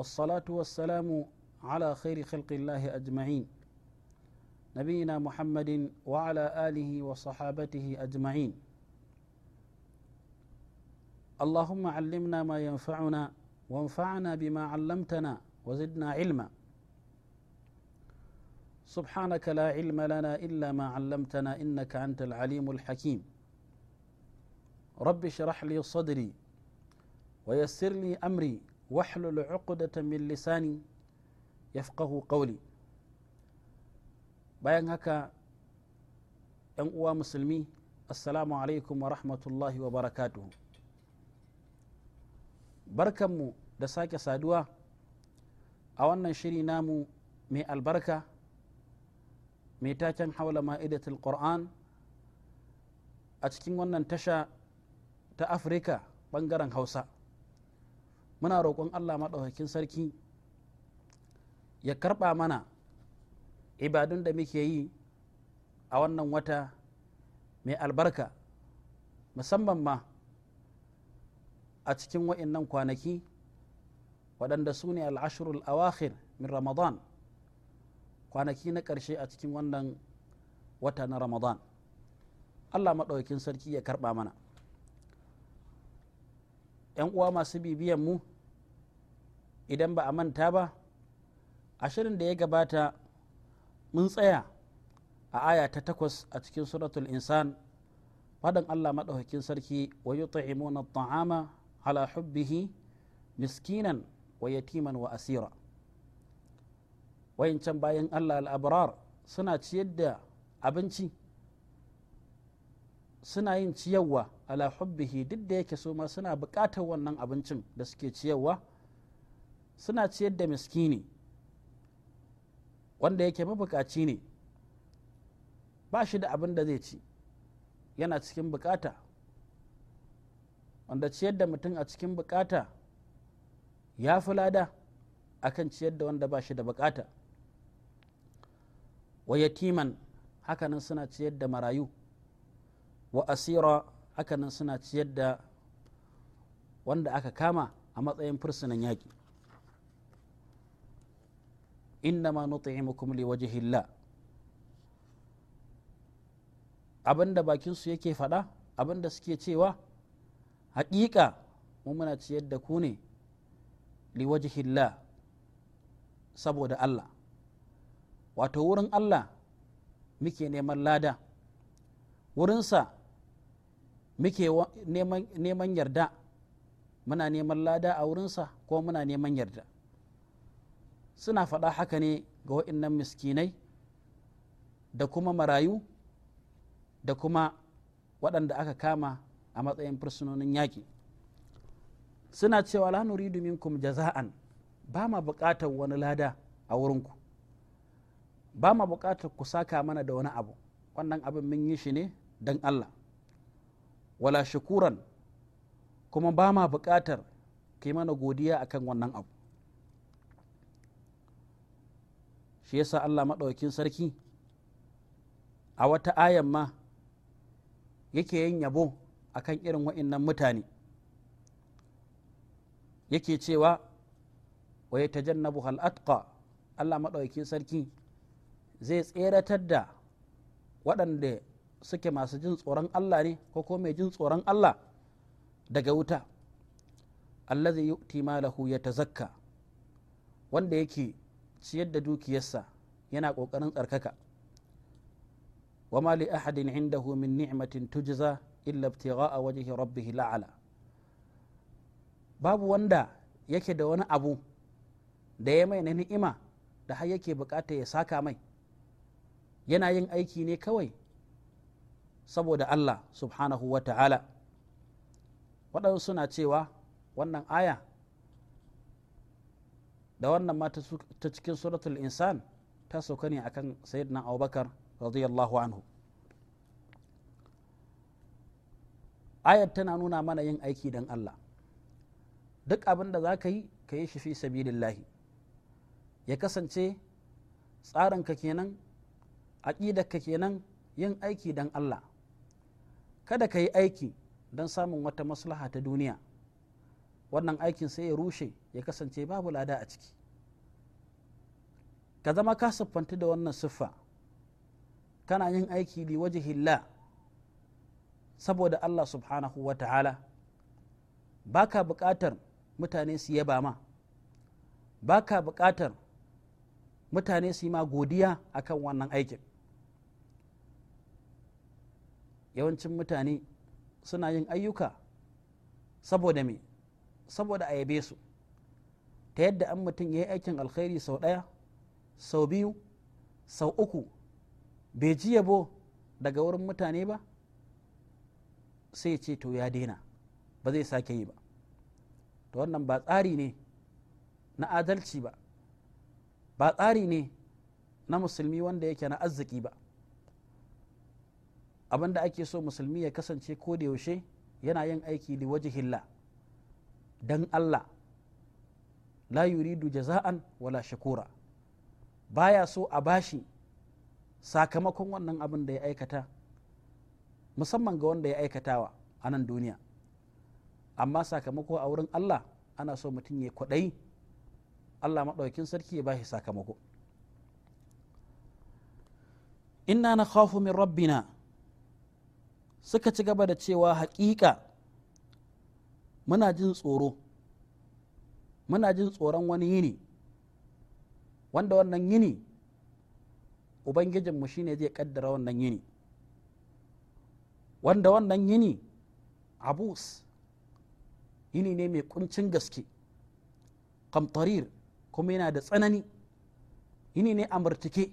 والصلاة والسلام على خير خلق الله أجمعين نبينا محمد وعلى آله وصحابته أجمعين اللهم علمنا ما ينفعنا وانفعنا بما علمتنا وزدنا علما سبحانك لا علم لنا إلا ما علمتنا إنك أنت العليم الحكيم رب اشرح لي صدري ويسر لي أمري واحلل عقدة من ya yafqahu qawli bayan haka yan uwa musulmi assalamu alaikum wa rahmatullahi wa barakatuhu barkanmu da sake saduwa a wannan shiri namu mai albarka mai taken haula ma'idatul qur'an a cikin wannan tasha ta afirka bangaren hausa muna roƙon allah maɗaukakin sarki ya karɓa mana ibadun da muke yi a wannan wata mai albarka musamman ma a cikin wa'innan kwanaki waɗanda su ne al'ashirul awakhir min ramadan kwanaki na ƙarshe a cikin wannan wata na ramadan allah maɗaukakin sarki ya karɓa mana 'yan uwa masu bibiyan mu idan ba a manta ba a shirin da ya gabata mun tsaya a aya ta takwas a cikin suratul insan faɗin allah maɗaukakin sarki wa yut'imuna ta'ama ala hubbihi miskinan wa yatiman wa asira wayancan bayan allah al'abrar suna ciyar da abinci suna yin ciyarwa ala hubbihi duk da yake su ma suna buƙatar wannan abincin da suke ciyarwa suna ciyar da miskini wanda yake mabuƙaci ne ba shi da abin da zai ci yana cikin buƙata. wanda ciyar da mutum a cikin buƙata ya fi lada akan ciyar da wanda ba shi da buƙata. wa yatiman hakanan suna ciyar da marayu wa asira hakanan suna ciyar da wanda aka kama a matsayin fursunan yaƙi ma innama nut'imukum liwajhillah abinda bakin su yake faɗa abinda suke cewa haƙiƙa mu muna ciyar da ku ne liwajhillah saboda Allah wato wurin Allah muke neman lada wurinsa muke neman yarda muna neman lada a wurinsa ko muna neman yarda suna faɗa haka ne ga waɗannan miskinai da kuma marayu da kuma waɗanda aka kama a matsayin fursunonin yaƙi suna cewa la domin minkum jaza'an ba ma buƙatar wani lada a wurinku ba ma buƙatar ku saka mana da wani abu wannan abin mun yi shi ne don Allah wala shukuran kuma ba ma buƙatar ka yi mana godiya a kan wannan abu shi yasa Allah maɗaukin sarki a wata ayan ma yake yin yabo a kan irin wa'innan mutane yake cewa wa ya tajannabu hal'atqa Allah maɗaukin sarki zai tseratar da waɗanda suke masu jin tsoron Allah ne ko ko mai jin tsoron Allah daga wuta allazi yu'ti malahu yatazakka wanda yake ciyar da dukiyarsa yana ƙoƙarin tsarkaka Wamali li ahadin indahu min ni'matin tujza illa ibtigha'a wajhi rabbih la'ala babu wanda yake da wani abu da ya mai na ni'ima da har yake bukata ya saka mai yana yin aiki ne kawai saboda Allah subhanahu wa ta'ala waɗansu suna cewa wannan aya da wannan mata ta cikin suratul insan ta sauka ne akan sayyidina abubakar radiyallahu anhu ayat tana nuna mana yin aiki don Allah duk abin da za ka yi ka yi shi fi ya kasance tsarinka kenan aƙidarka kenan yin aiki don Allah kada ka yi aiki don samun wata maslaha ta duniya wannan aikin sai ya rushe ya kasance babu lada a ciki ka zama ka siffanta da wannan siffa kana yin aiki li hilla saboda Allah subhanahu wa ta'ala ba ka buƙatar mutane su yaba ma ba ka buƙatar mutane su yi ma godiya akan wannan aikin yawancin mutane suna yin ayyuka saboda me saboda a yabe su ta yadda an mutum ya yi aikin alkhairi sau ɗaya sau biyu sau uku bai ji yabo daga wurin mutane ba sai ce to ya daina ba zai sake yi ba to wannan ba tsari ne na adalci ba ba tsari ne na musulmi wanda yake na arziki ba abin da ake so musulmi ya kasance ko da yaushe yana yin aiki li hilla don Allah la yuridu jaza'an wala shakura baya so a bashi sakamakon wannan abin da ya aikata musamman ga wanda ya aikatawa a nan duniya amma sakamako a wurin Allah ana so mutum ya kwaɗayi Allah maɗaukin sarki ya bashi sakamako inna na min rabbina suka ci gaba da cewa haƙiƙa muna jin tsoro muna jin tsoron wani yini wanda wannan yini ubangijinmu shine zai kaddara wannan yini wanda wannan yini abus yini ne mai kuncin gaske kamtarir kuma yana da tsanani yini ne amurtike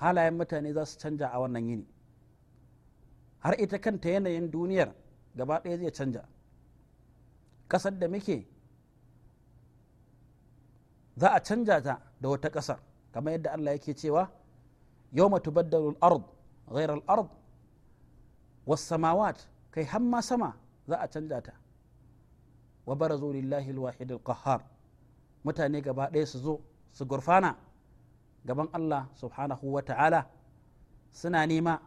halayen mutane za su canja a wannan yini har ita kanta yanayin duniyar gaba ɗaya zai canja ƙasar da muke za a canja ta da wata ƙasar kamar yadda Allah yake cewa yau tubaddalu al-ard ghayra al-ard was samawat kai hamma sama za a canja ta wa barazu lillahi al-wahid al-qahhar mutane gaba ɗaya su zo su gurfana gaban Allah subhanahu wa ta'ala suna nema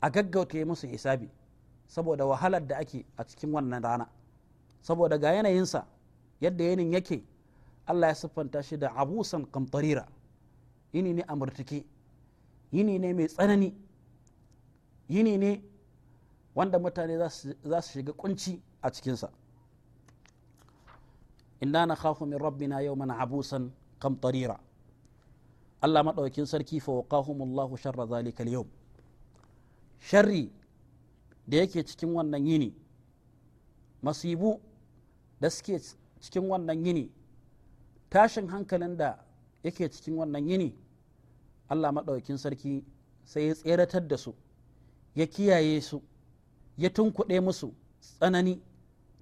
a gaggauta musu hisabi saboda wahalar da ake a cikin wannan rana saboda ga yanayinsa yadda yanin yake Allah ya siffanta shi da abusan kamtarira yini ne a murtuke yini ne mai tsanani yini ne wanda mutane za su shiga kunci a cikinsa inna na khafu min rabbina yawman abusan kamtarira Allah maɗaukin sarki fa waqahumullahu sharra zalikal yau sharri da yake cikin wannan yini masibu da suke cikin wannan yini tashin hankalin da yake cikin wannan yini Allah maɗaukin sarki sai ya tseratar da su ya kiyaye su ya tunkuɗe musu tsanani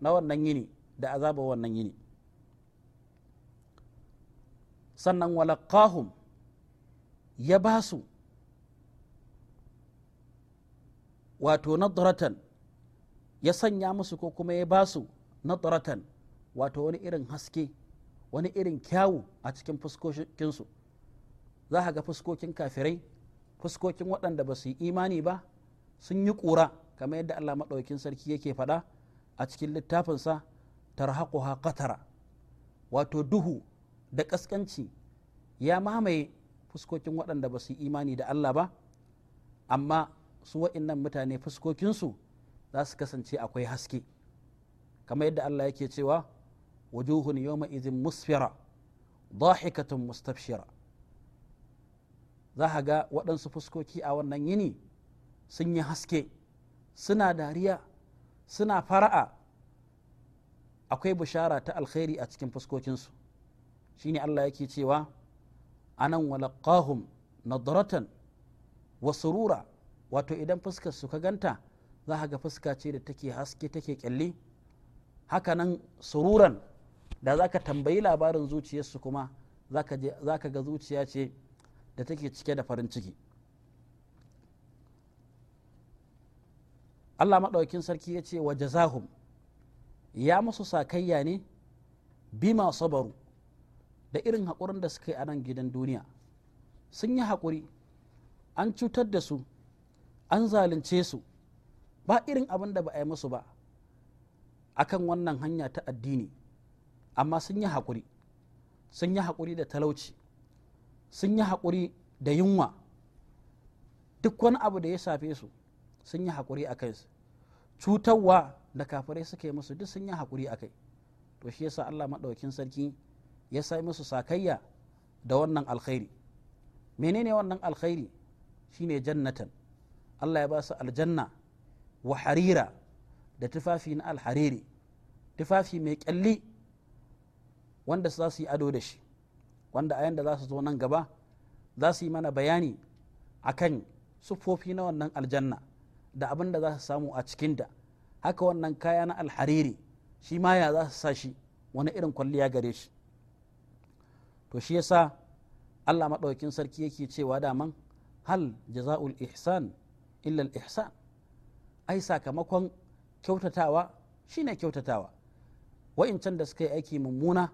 na wannan yini da azaba wannan yini sannan walaqahum ya ba su wato nadratan ya sanya musu ko kuma ya ba su nadratan wato wani irin haske wani irin kyawu a cikin fuskokinsu za ka ga fuskokin kafirai fuskokin waɗanda ba su yi imani ba sun yi ƙura kamar yadda allah maɗaukin sarki yake faɗa a cikin littafinsa tarhaquha qatara wato duhu da ƙasƙanci ya mamaye fuskokin waɗanda ba su imani da Allah ba amma su wa'innan mutane fuskokinsu za su kasance akwai haske kamar yadda Allah yake cewa wujuhun yawma izin musfira dahikatun mustafshira za a ga waɗansu fuskoki a wannan yini sun yi haske suna dariya suna fara'a akwai bishara ta alkhairi a cikin fuskokinsu shine Allah yake cewa anan walakahum nadratan wa surura wato idan fuskar su ka ganta za ka ga fuska ce da take haske take kyalle nan sururan da za ka tambayi labarin zuciyarsu kuma za ka ga zuciya ce da take cike da farin ciki allah maɗaukin sarki ya ce wa jazahum ya musu sakayya ne bima sabaru da irin haƙurin da suka yi a nan gidan duniya sun yi haƙuri an cutar da su an zalunce su ba irin abin da ba a yi musu ba akan wannan hanya ta addini amma sun yi haƙuri sun yi haƙuri da talauci sun yi haƙuri da yunwa duk wani abu da ya shafe su sun yi haƙuri a su. cutarwa da kafirai yi musu duk sun yi haƙuri a kai to shi yasa allah maɗaukin sarki ya sai musu sakayya da wannan alkhairi menene wannan alkhairi shine jannatan Allah ya ba su aljanna wa harira da tufafi na alhariri tufafi mai kyalli wanda za su yi ado da shi wanda a yanda za su zo nan gaba za su yi mana bayani akan siffofi na wannan aljanna da abin da za su samu a cikinta haka wannan kaya na alhariri shi ma ya za su sa shi wani irin kwalliya gare shi to shi yasa Allah maɗaukin sarki yake cewa daman hal jaza'ul ihsan illa ihsan ai sakamakon kyautatawa shine kyautatawa wa'incan da suka yi aiki mummuna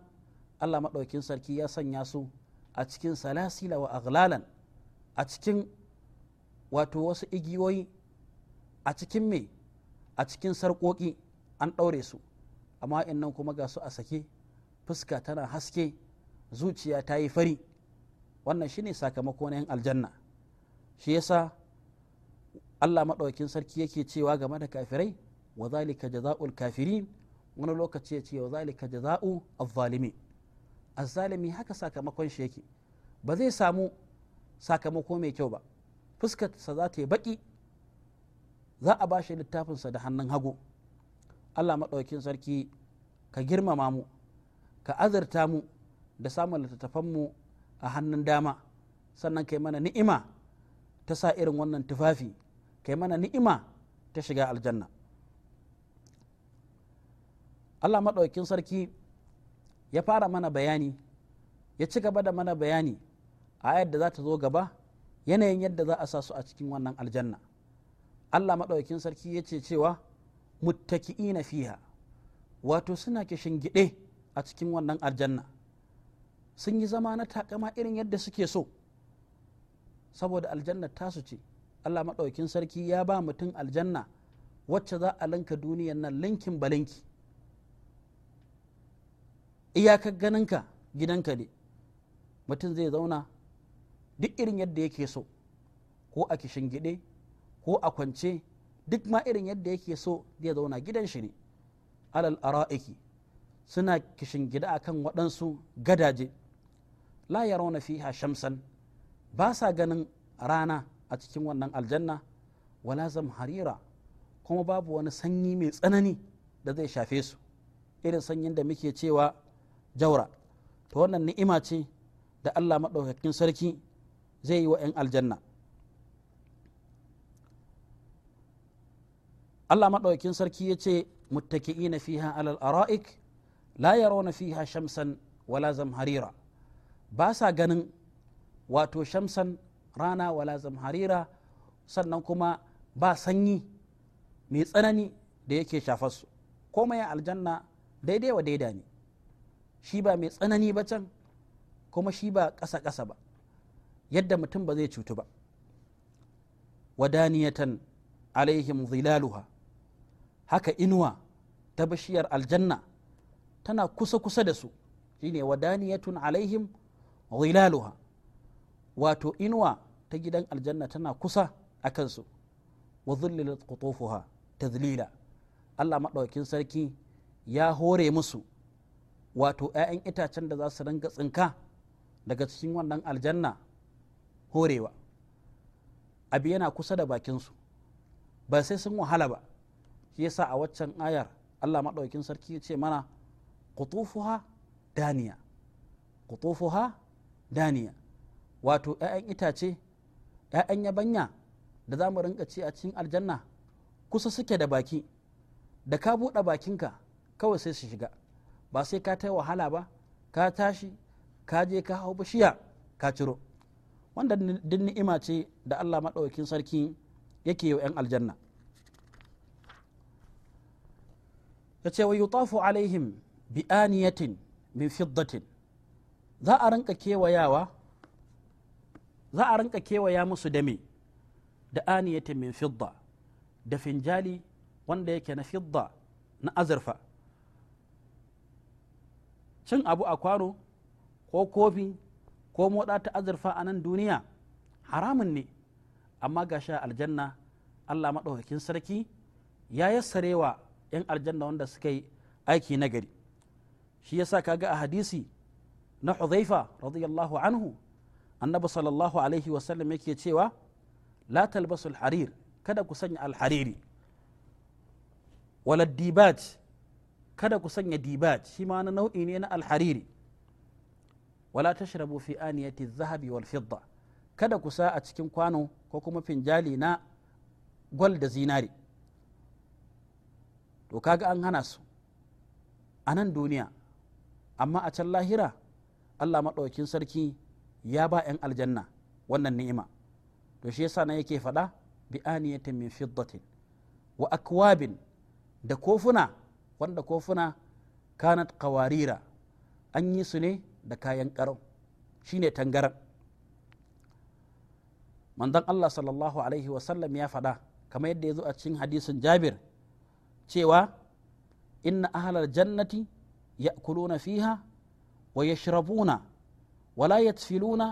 Allah maɗaukin sarki ya sanya su a cikin salasila wa aghlalan a cikin wato wasu igiyoyi a cikin me a cikin sarƙoƙi an ɗaure su amma nan kuma ga su a sake fuska tana haske zuciya ta yi fari wannan shine sakamako na yan aljanna shi yasa Allah maɗaukin sarki yake cewa game da kafirai wa zalika jaza'ul kafirin wani lokaci ya ce wa zalika jaza'u az-zalimin haka sakamakon shi yake ba zai samu sakamako mai kyau ba fuskarsa za ta yi baki za a ba shi littafinsa da hannun hagu Allah maɗaukin sarki ka girmama mu ka azurta mu da samun littattafanmu a hannun dama sannan kai mana ni'ima ta sa irin wannan tufafi kai mana ni'ima ta shiga aljanna Allah maɗaukin sarki ya fara mana bayani ya ci gaba da mana bayani a yadda za ta zo gaba yanayin yadda za a sa su a cikin wannan aljanna Allah maɗaukin sarki ya ce cewa muttaki'ina fiha wato suna kishin gide a cikin wannan aljanna sun yi zama na takama irin yadda suke so saboda aljanna tasu ce Allah maɗaukin sarki ya ba mutum aljanna wacce za a linka duniyar nan linkin balinki iyakar ganinka gidanka ne mutum zai zauna duk irin yadda yake so ko a gide ko a kwance duk ma irin yadda yake so zai zauna gidan shi ne alal ara'iki suna kishin gida akan waɗansu gadaje la na fiha shamsan ba sa ganin rana a cikin wannan aljanna wala harira kuma babu wani sanyi mai tsanani da zai shafe su irin sanyin da muke cewa jaura to wannan ni'ima ce da Allah maɗaukakin sarki zai yi wa 'yan aljanna Allah maɗaukakin sarki ya ce muttaki'ina fiha alal ara'ik la yarawna fiha shamsan wala harira. ba sa ganin wato shamsan rana wala zamharira sannan kuma ba sanyi mai tsanani da yake shafar su. komai aljanna daidai wa daida ne shi ba mai tsanani ba can kuma shi ba ƙasa-ƙasa ba yadda mutum ba zai cutu ba wadaniyatan alaihim zilaluha haka inuwa ta bishiyar aljanna tana kusa-kusa da su shine wadaniyatun alaihim zilaluha wato inuwa ta gidan aljanna tana kusa a kansu wa zullilat qutufuha tadlila Allah maɗaukin sarki ya hore musu wato 'ya'yan itacen da za su ringa tsinka daga cikin wannan aljanna horewa abi yana kusa da bakinsu ba sai sun wahala ba shi yasa a waccan ayar Allah maɗaukin sarki ya ce mana qutufuha daniya qutufuha daniya wato 'ya'yan itace 'ya'yan yabanya da za mu rinka ci a cikin aljanna kusa suke da baki da ka buɗe bakinka kawai sai su shiga ba sai ka ta wahala ba ka tashi ka je ka hau bishiya ka ciro wanda duk ni'ima ce da allah maɗaukin sarki yake yau 'yan aljanna ya ce wa yutafu alaihim bi aniyatin min fiddatin za a rinka kewayawa za a rinka kewaya musu da me da aniyata min fidda da finjali wanda yake na fidda na azurfa cin abu a kwano ko kofi ko moɗa ta azurfa a nan duniya haramun ne amma ga sha aljanna allah maɗaukakin sarki ya yassarewa 'yan aljanna wanda suka yi aiki nagari shi yasa kaga a hadisi na huzaifa radiyallahu anhu annabi sallallahu alaihi wasallam yake cewa la talbasul harir kada ku sanya alhariri wala dibaj kada ku sanya dibaj shi ma na nau'i ne na alhariri wala tashrabu fi aniyati zahabi wal fidda kada ku sa a cikin kwano ko kuma finjali na gwal da zinari to kaga an hana su a nan duniya amma a can lahira Allah maɗaukin sarki ya ba 'yan aljanna wannan ni'ima to shi yasa na yake faɗa bi aniyatin min fiddatin wa akwabin da kofuna wanda kofuna kanat qawarira an yi su ne da kayan ƙarau shine tangaran manzon Allah sallallahu alaihi sallam ya faɗa kamar yadda ya zo a cikin hadisin Jabir cewa inna ahlal jannati ya'kuluna fiha ويشربون ولا يتفلون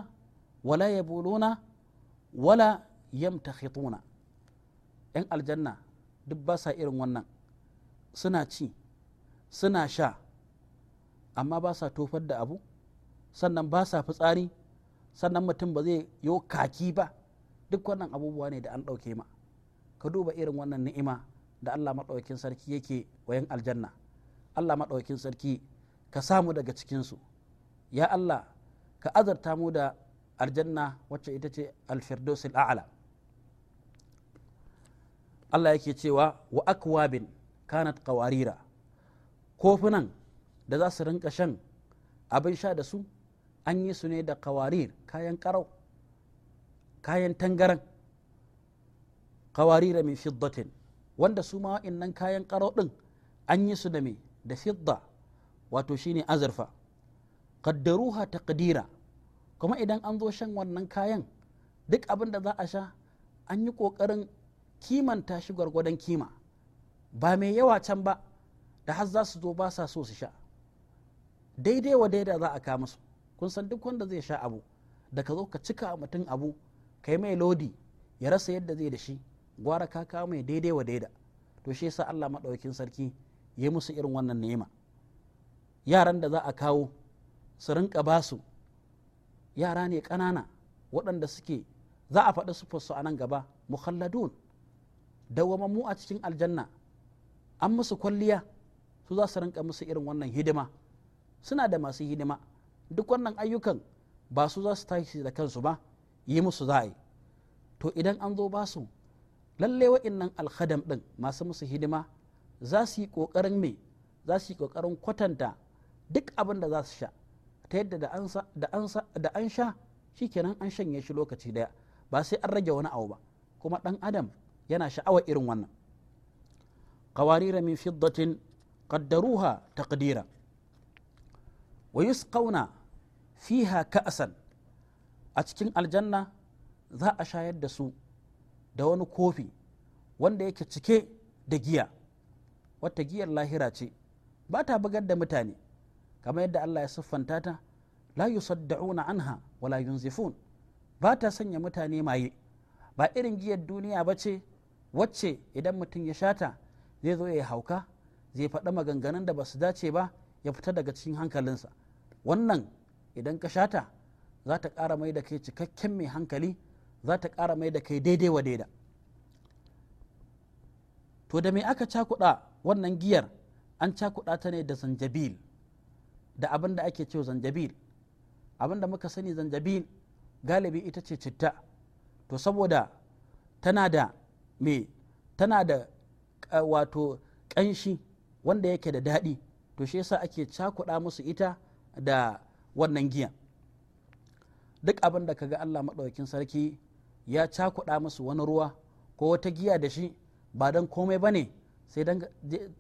ولا يبولون ولا يمتخطون ‘yan aljanna duk ba irin wannan suna ci suna sha amma ba sa tofar da abu sannan ba fitsari sannan mutum ba zai yo kaki ba duk wannan abubuwa ne da an ɗauke ma ka duba irin wannan ni'ima da Allah maɗaukin sarki yake wayan aljanna Allah maɗaukin sarki ka samu daga cikinsu ya Allah ka azarta mu da aljanna wacce ita ce alfirdausil a'la Allah yake cewa wa akwabin kanat qawarira kofunan da za su rinka shan abin sha da su an yi su ne da qawarir kayan karau kayan tangaran qawarira min fiddatin wanda su ma nan kayan karau ɗin, an yi su da me da fidda wato shine azurfa ta Kadira. kuma idan an zo shan wannan kayan duk abin da za a sha an yi ƙoƙarin kimanta shi gwargwadon kima ba mai yawa can ba da har za su zo ba sa so su sha daidai wa daida za a ka musu kun san duk wanda zai sha abu da ka zo ka cika mutum abu ka yi mai lodi ya rasa yadda zai da shi gwara ka kawo mai daidai wa daida to shi yasa Allah maɗaukin sarki ya musu irin wannan ne'ima yaran da za a kawo su rinka su yara ne ƙanana waɗanda suke za a faɗi sufarsu a nan gaba mukhalladun dawwamammu a cikin aljanna an musu kwalliya su za su rinka musu irin wannan hidima suna da masu hidima duk wannan ayyukan ba su za su tashi da kansu ba yi musu za yi to idan an zo ba su lalle wa'innan alhadam ɗin masu musu hidima za su yi ƙoƙarin me za su yi ƙoƙarin kwatanta duk abin da za su sha ta yadda da an sha shi kenan an shanye shi lokaci daya ba sai an rage wani abu ba kuma dan adam yana sha'awa irin wannan qawarira min fiddatin qaddaruha taqdira wa yusqawna fiha ka'san a cikin aljanna za a shayar da su da wani kofi wanda yake cike da giya wata giyar lahira ce ba ta bugar da mutane kamar yadda Allah ya siffanta ta la yusaddauna anha wala yunzifun ba ta sanya mutane maye ba irin giyar duniya ba ce wacce idan mutum ya shata zai zo ya hauka zai faɗa maganganun da ba su dace ba ya fita daga cikin hankalinsa wannan idan ka shata za ta ƙara mai da kai cikakken mai hankali za ta ƙara mai da kai daidai wa daida to da me aka cakuɗa wannan giyar an cakuɗa ta ne da zanjabil da abin da ake cewa zanjabil abin da muka sani zanjabin galibi ita ce citta to saboda tana da me tana da eh, wato ƙanshi wanda yake da daɗi to shi yasa ake cakuɗa musu ita da wannan giya duk abin da kaga Allah maɗaukin sarki ya cakuɗa musu wani ruwa ko wata giya da shi ba don komai ba ne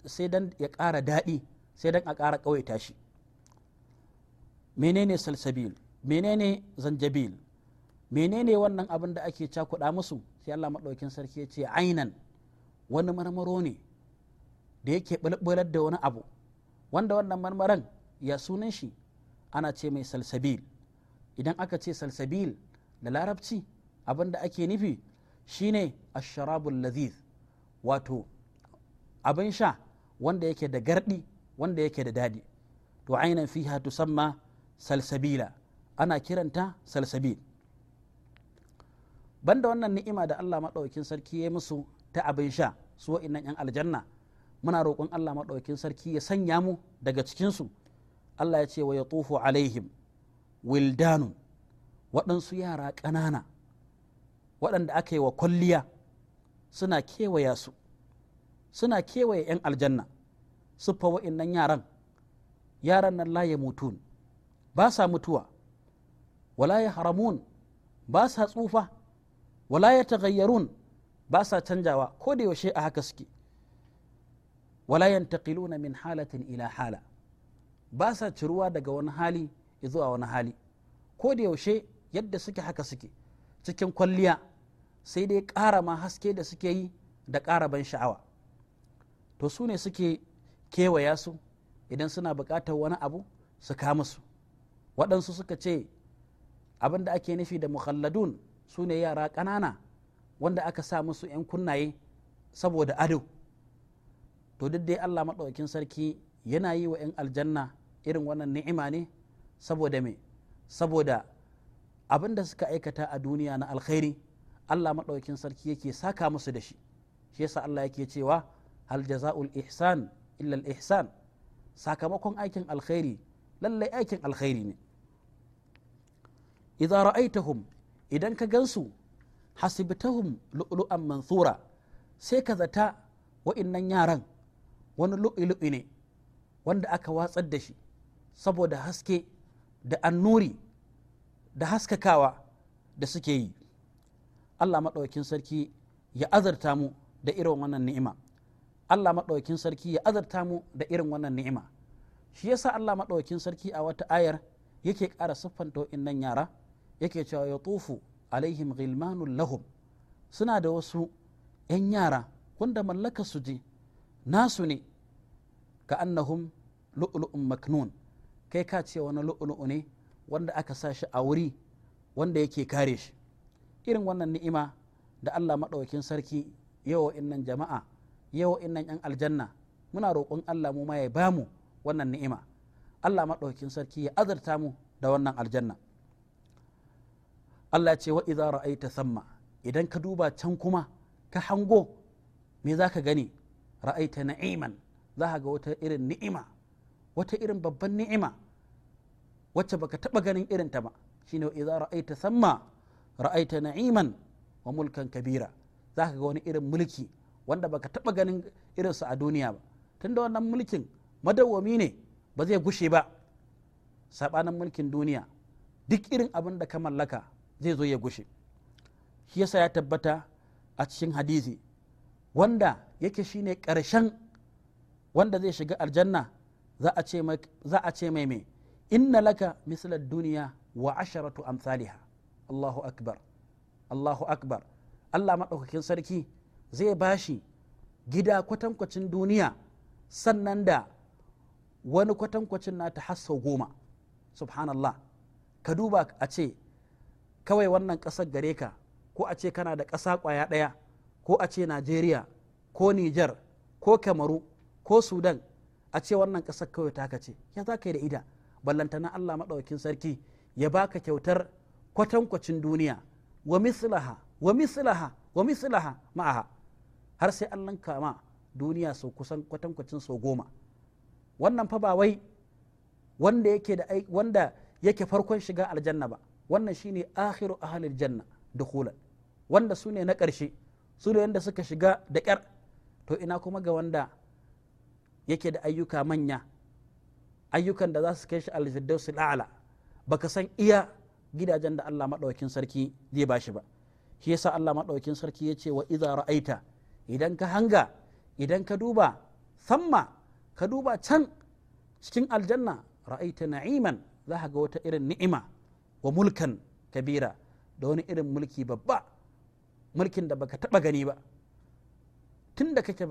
sai don ya ƙara daɗi sai don a ƙara ƙawaita shi menene salsabil menene zanjabil menene wannan abin da ake cakuɗa musu sai Allah maɗaukin sarki ya ce ainan wani marmaro ne da yake bulbular da wani abu wanda wannan marmaran ya sunan shi ana ce mai salsabil idan aka ce salsabil da larabci abin da ake nufi shine asharabul laziz wato abin sha wanda yake da gardi wanda yake da daɗi to ainan fiha tusamma salsabila ana kiranta salsabil banda wannan ni'ima da Allah maɗaukin sarki ya musu ta abin sha su wa'innan 'yan aljanna muna roƙon Allah maɗaukin sarki ya sanya mu daga cikinsu Allah ya ce wa ya tufu alaihim wildanun waɗansu yara ƙanana waɗanda aka yi wa kwalliya suna kewaya su suna kewaye 'yan aljanna siffa wa'innan yaran yaran nan la ya mutun ba sa mutuwa wala ya haramun ba sa tsufa wala ya tagayyarun ba sa canjawa ko da yaushe a haka suke wala yantaqiluna min halatin ila hala ba sa ciruwa daga wani hali zuwa wani hali ko da yaushe yadda suke haka suke cikin kwalliya sai dai ƙara ma haske da suke yi da ƙara ban sha'awa to su ne suke kewaya su idan suna buƙatar wani abu su kama su waɗansu suka ce abin da ake nufi da mukhalladun su ne yara ƙanana wanda aka sa musu 'yan kunnaye saboda ado to duk dai allah maɗaukin sarki yana yi wa 'yan aljanna irin wannan ni'ima ne saboda me saboda abin da suka aikata a duniya na alkhairi allah maɗaukin sarki yake saka musu da shi shi yasa allah yake cewa hal jaza'ul ihsan illal al ihsan sakamakon aikin alkhairi lallai aikin alkhairi ne idza ra'aitahum idan ka gansu hasibtahum lu'lu'an mansura sai ka zata wa'innan yaran wani lu'ilu'i ne wanda aka watsar da shi saboda haske da annuri da haskakawa da suke yi Allah maɗaukin sarki ya azarta mu da irin wannan ni'ima Allah maɗaukin sarki ya azarta mu da irin wannan ni'ima shi yasa Allah maɗaukin sarki a wata ayar yake ƙara siffanta wa'innan yara yake cewa ya tufu alaihim ghilmanun lahum suna da wasu 'yan yara wanda mallaka su je nasu ne ka annahum lu'lu'un maknun kai ka ce wani lu'lu'u ne wanda aka sa shi a wuri wanda yake kare shi irin wannan ni'ima da Allah maɗaukin sarki yawa innan jama'a yawa innan 'yan aljanna muna roƙon Allah mu ma ya bamu wannan ni'ima Allah maɗaukin sarki ya azarta mu da wannan aljanna Allah ce wa'iza ra'aita samma idan ka duba can kuma ka hango me zaka gani ra'aita na'iman za ka ga wata irin ni'ima wata irin babban ni'ima wacce baka taba ganin irin ta ba shine idza ra'aita samma ra'aita na'iman wa mulkan kabira za ka ga wani irin mulki wanda baka taɓa ganin irinsa a duniya ba tunda wannan mulkin madawwami ne ba zai gushe ba saɓanin mulkin duniya duk irin abin da ka mallaka zai zo ya gushe shi yasa ya tabbata a cikin hadisi wanda yake shine ƙarshen wanda zai shiga aljanna za a ce mai mai inna laka mislar duniya wa asharatu amsaliha Allahu akbar Allahu akbar Allah maɗaukakin sarki zai bashi gida kwatankwacin duniya sannan da wani kwatankwacin nata hasso goma subhanallah ka duba a ce kawai wannan ƙasar gare ka ko a ce kana da ƙasa ƙwaya ɗaya ko a ce najeriya ko Nijar, ko kamaru ko sudan a ce wannan ƙasar kawai taka ce ya za ka yi da ida ballantana allah maɗaukin sarki ya baka kyautar kwatankwacin duniya wa mislaha wa mislaha wa mislaha ma'aha har sai allah kama duniya sau kusan kwatankwacin sau goma wannan fa ba wai wanda yake farkon shiga aljanna ba wannan shine akhiru halin janna dukhulan wanda su ne na ƙarshe su ne wanda suka shiga da ƙyar to ina kuma ga wanda yake da ayyuka manya ayyukan da za su kai shi alfirdausi la'ala baka san iya gidajen da Allah maɗaukin sarki zai bashi ba shi yasa Allah maɗaukin sarki ya ce wa iza ra'aita idan ka hanga idan ka duba samma ka duba can cikin aljanna ra'aita na'iman za ka ga wata irin ni'ima wa mulkan kabira da wani irin mulki babba mulkin da baka taba gani ba tun da kake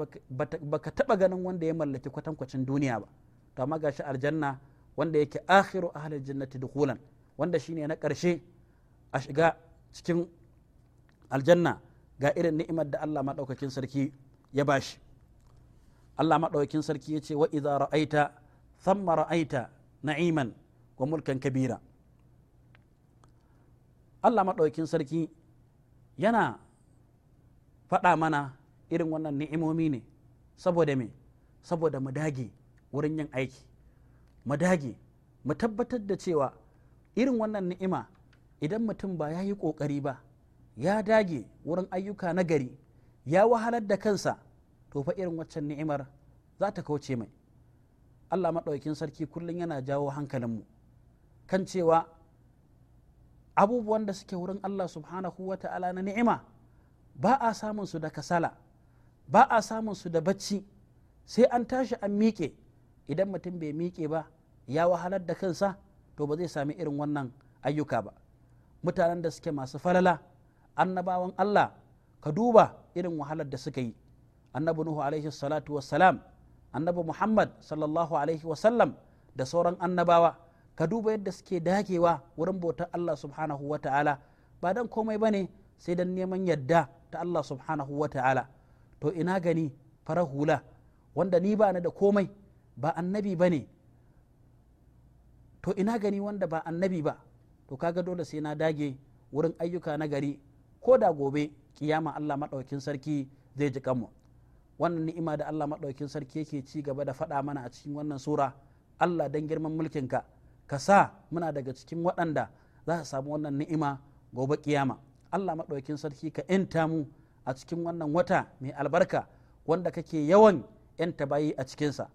baka taba ganin wanda ya mallaki kwatankwacin duniya ba to amma gashi aljanna wanda yake akhiru ahlil jannati dukhulan wanda shine na karshe a shiga cikin aljanna ga irin ni'imar da Allah madaukakin sarki ya bashi Allah madaukakin sarki ya ce wa idza ra'aita thamma ra'aita na'iman wa mulkan kabira allah maɗaukin sarki yana faɗa mana irin wannan ni'imomi ne saboda me saboda mu dage wurin yin aiki mu dage mu tabbatar da cewa irin wannan ni'ima idan mutum ba ya yi ƙoƙari ba ya dage wurin ayyuka na gari ya wahalar da kansa to fa irin waccan ni'imar za ta kauce mai allah maɗaukin sarki kullum yana jawo hankalinmu kan cewa abubuwan da suke wurin Allah subhanahu wa ta'ala na ni'ima ba a samun su da kasala ba a samun su da bacci sai an tashi an miƙe idan mutum bai miƙe ba ya wahalar da kansa to ba zai sami irin wannan ayyuka ba mutanen da suke masu falala annabawan Allah ka duba irin wahalar da suka yi annabi nuhu alaihi salatu wassalam annabi muhammad sallallahu alaihi wasallam da sauran annabawa ka duba yadda suke dagewa wurin bautar Allah subhanahu wa ta'ala ba dan komai bane sai dan neman yadda ta Allah subhanahu wa ta'ala to ina gani farar hula wanda ni ba da komai ba annabi bane to ina gani wanda ba annabi ba to kaga dole sai na dage wurin ayyuka na gari ko da gobe kiyama Allah maɗaukin sarki zai ji kanmu wannan ni'ima da Allah maɗaukin sarki yake ci gaba da faɗa mana a cikin wannan sura Allah dan girman mulkin ka. ka sa muna daga cikin waɗanda za su samu wannan ni'ima gobe kiyama Allah maɗaukin sarki ka ‘yanta mu a cikin wannan wata mai albarka wanda kake yawan ‘yanta bayi a cikinsa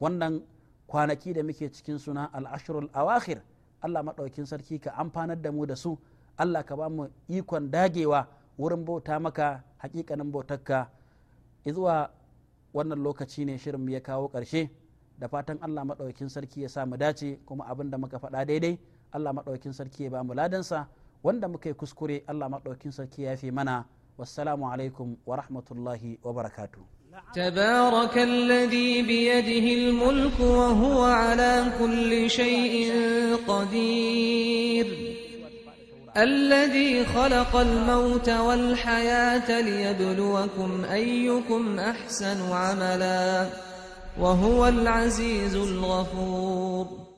wannan kwanaki da muke cikin suna al'ashirul awakhir Allah maɗaukin sarki ka amfanar da mu da su Allah ka ba mu ikon dagewa wurin bauta maka hakikanin bautarka zuwa wannan lokaci ne shirin ya kawo ƙarshe. da fatan Allah maɗaukin sarki ya sa mu dace kuma abin da muka faɗa daidai Allah maɗaukin sarki ya ba mu ladansa wanda muka yi kuskure Allah maɗaukin sarki ya fi mana wassalamu alaikum wa rahmatullahi wa barakatu تبارك الذي بيده الملك وهو على كل شيء قدير الذي خلق الموت والحياة ليبلوكم أيكم أحسن عملاً وهو العزيز الغفور